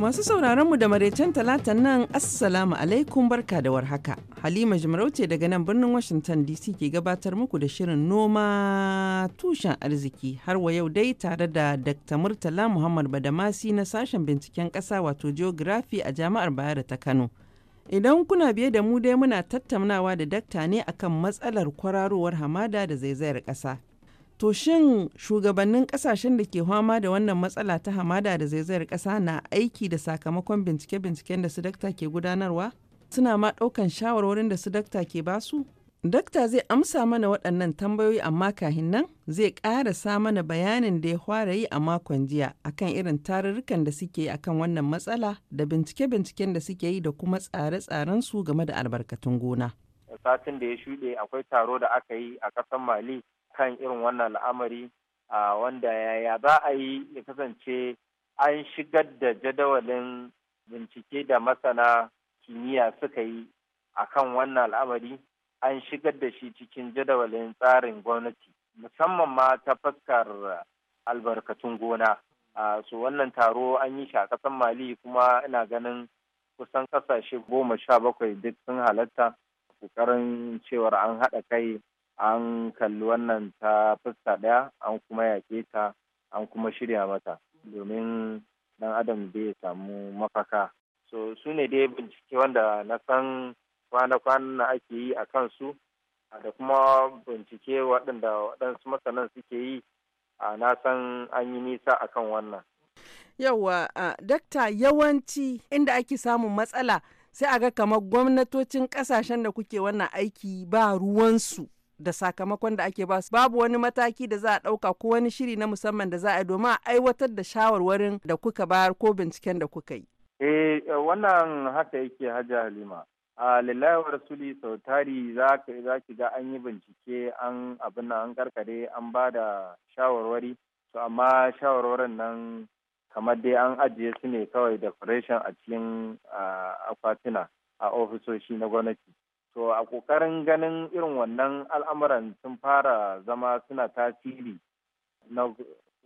Masu sauraron mu da maraicen talatan nan Assalamu alaikum barka da warhaka. Halima Jimarauce daga nan birnin Washington DC ke gabatar muku da shirin noma tushen arziki har wa yau dai tare da Dr. Murtala Muhammad Badamasi na sashen binciken ƙasa wato Geography a Jami'ar Bayero ta Kano. Idan kuna biye da mu dai muna tattaunawa da dakta ne akan matsalar kwararowar hamada da zaizayar ƙasa. To shin shugabannin kasashen da ke fama da wannan matsala ta hamada da zaizayar ƙasa na aiki da sakamakon bincike-binciken da su dakta ke gudanarwa? Suna ma ɗaukan shawarwarin da su dakta ke basu? Dakta zai amsa mana waɗannan tambayoyi amma kahin nan zai sa mana bayanin da ya fara yi a makon jiya akan irin tarurrukan da suke yi akan wannan matsala da bincike-binciken da suke yi da kuma tsare-tsaren su game da albarkatun gona. Satin da ya shuɗe akwai taro da aka yi a ƙasar Mali kan irin wannan al'amari wanda yaya za a yi ya kasance an shigar da jadawalin bincike da masana kimiyya suka yi a kan wannan al'amari an shigar da shi cikin jadawalin tsarin gwamnati musamman ma ta fuskar albarkatun gona su wannan taro an yi shi a ƙasar mali kuma ina ganin kusan ƙasashe goma sha bakwai duk sun halatta ƙoƙarin cewar an haɗa kai an kalli wannan ta fuska ɗaya an kuma yaƙe ta an kuma shirya mata domin ɗan adam bai samu mafaka so su ne dai bincike wanda na san kwana kwana ake yi a kansu da kuma bincike waɗanda waɗansu masanan suke yi a na san an yi nisa a kan wannan yawa dakta yawanci inda ake samun matsala sai a ga kamar gwamnatocin ƙasashen da kuke wannan aiki ba ruwansu da sakamakon da ake basu babu wani mataki da za a ɗauka ko wani shiri na musamman da za a domin a aiwatar da shawarwarin da kuka bayar ko binciken da kuka yi. Eh wannan haka yake hajji Halima. a lillahi wa rasuli sau tari za ki ga an yi bincike an abin nan an karkare an ba da shawarwari to amma shawarwarin nan kamar dai an ajiye su ne kawai decoration a cikin akwatuna a ofisoshi na gwamnati to a ƙoƙarin ganin irin wannan al'amuran sun fara zama suna tasiri na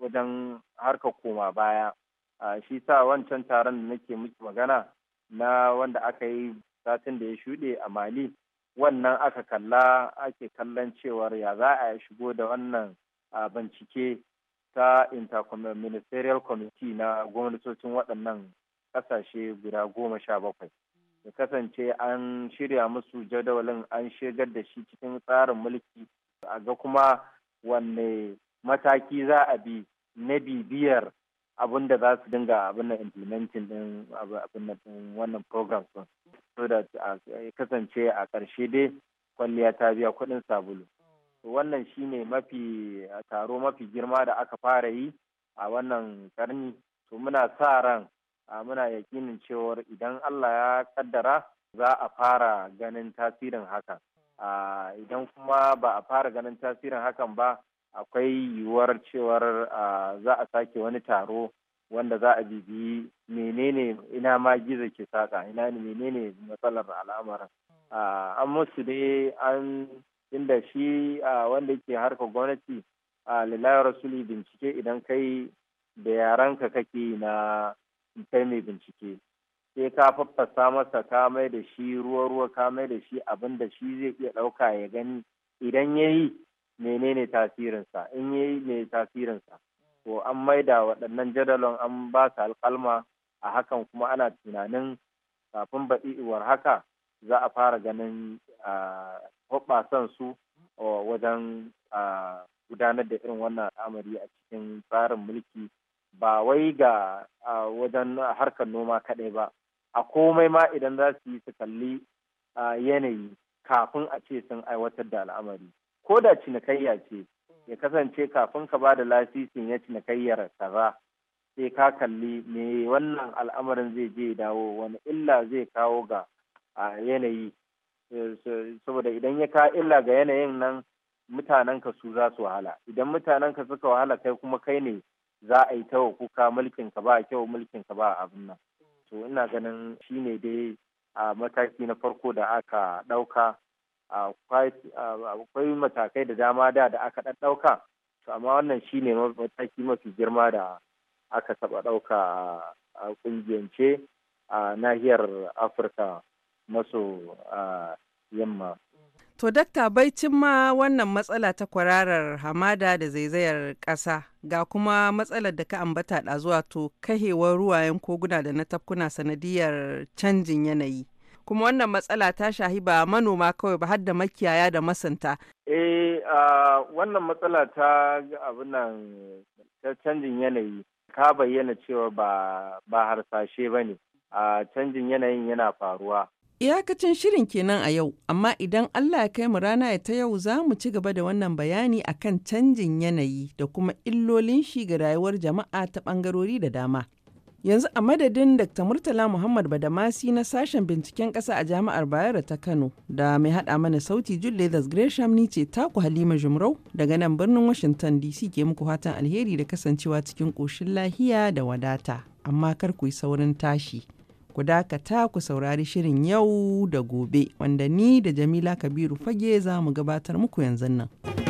wajen harkar koma baya shi sa wancan taron da nake miki magana na wanda aka yi satin da ya shuɗe a mali wannan aka kalla ake kallon cewar ya za a shigo da wannan bincike ta ministerial committee na gwamnatocin waɗannan ƙasashe guda goma sha bakwai ya kasance an shirya musu jadawalin an shigar da shi cikin tsarin mulki a ga kuma wanne mataki za a bi na bibiyar abin da za su dinga abin da implementing din abin na wannan program sun so da ya kasance a ƙarshe dai kwalliya ta biya kuɗin sabulu wannan shi ne mafi taro mafi girma da aka fara yi a wannan karni to muna sa ran muna yakinin cewar idan Allah ya kaddara za a fara ganin tasirin hakan idan kuma ba a fara ganin tasirin hakan ba akwai yiwuwar cewar za a sake wani taro wanda za a bibiyi menene ina ma gizo ke saka ina ne menene matsalar al'amarin an musu ne an inda shi wanda yake harka gwamnati lillahi rasuli bincike idan kai da yaranka kake na kai mai bincike sai ka faffasa masa ka mai da shi ruwa-ruwa ka mai da shi abin da shi zai iya ɗauka ya gani idan ya yi menene tasirinsa in ya yi ne tasirinsa to an mai da waɗannan jadalon an ba su alƙalma a hakan kuma ana tunanin kafin baɗi uwar haka za a fara ganin hoɓasan su wajen gudanar da irin wannan al'amari a cikin tsarin mulki ba wai ga wajen harkar noma kaɗai ba a komai ma idan za su yi su kalli yanayi kafin a ce sun aiwatar da al'amari ko da cinikayya ce ya kasance kafin ka ba da lasisin ya cinikayyar kaza sai ka kalli me wannan al'amarin zai je dawo wani illa zai kawo ga yanayi saboda idan ya ka illa ga yanayin nan mutanen ka su za su wahala idan mutanen ka suka wahala kai kuma kai ne za a yi ta wa kuka mulkin ka ba kyau mulkin ka ba abin nan to ina ganin shine dai a mataki na farko da aka ɗauka akwai matakai da dama da da aka ɗauka to amma wannan shine mataki mafi girma da aka taɓa ɗauka a ƙungiyance a nahiyar afirka maso yamma To dakta baicin ma wannan matsala ta kwararar hamada da zaizayar ƙasa ga kuma matsalar da ka ambata zuwa to kahewar ruwayen koguna da na tafkuna sanadiyar canjin yanayi. Kuma wannan matsala ta shahi ba manoma kawai ba hadda makiyaya da masanta. Eh wannan matsala ta abin ta canjin yanayi ka bayyana cewa ba, ba harsashe ba ne. canjin yanayin yana faruwa. Iyakacin shirin kenan a yau, amma idan Allah ya kai mu rana ya ta yau za mu ci gaba da wannan bayani akan canjin yanayi da kuma illolin shi ga rayuwar jama'a ta ɓangarori da dama. Yanzu a madadin Dr. Murtala Muhammad Badamasi na sashen binciken ƙasa a Jami'ar Bayero ta Kano da mai haɗa mana sauti Julius Gresham ni ce taku Halima Jumrau daga nan birnin Washington DC ke muku fatan alheri da kasancewa cikin ƙoshin lahiya da wadata, amma kar ku yi saurin tashi. ku dakata ku saurari shirin yau da gobe wanda ni da Jamila Kabiru Fage za mu gabatar muku yanzu nan.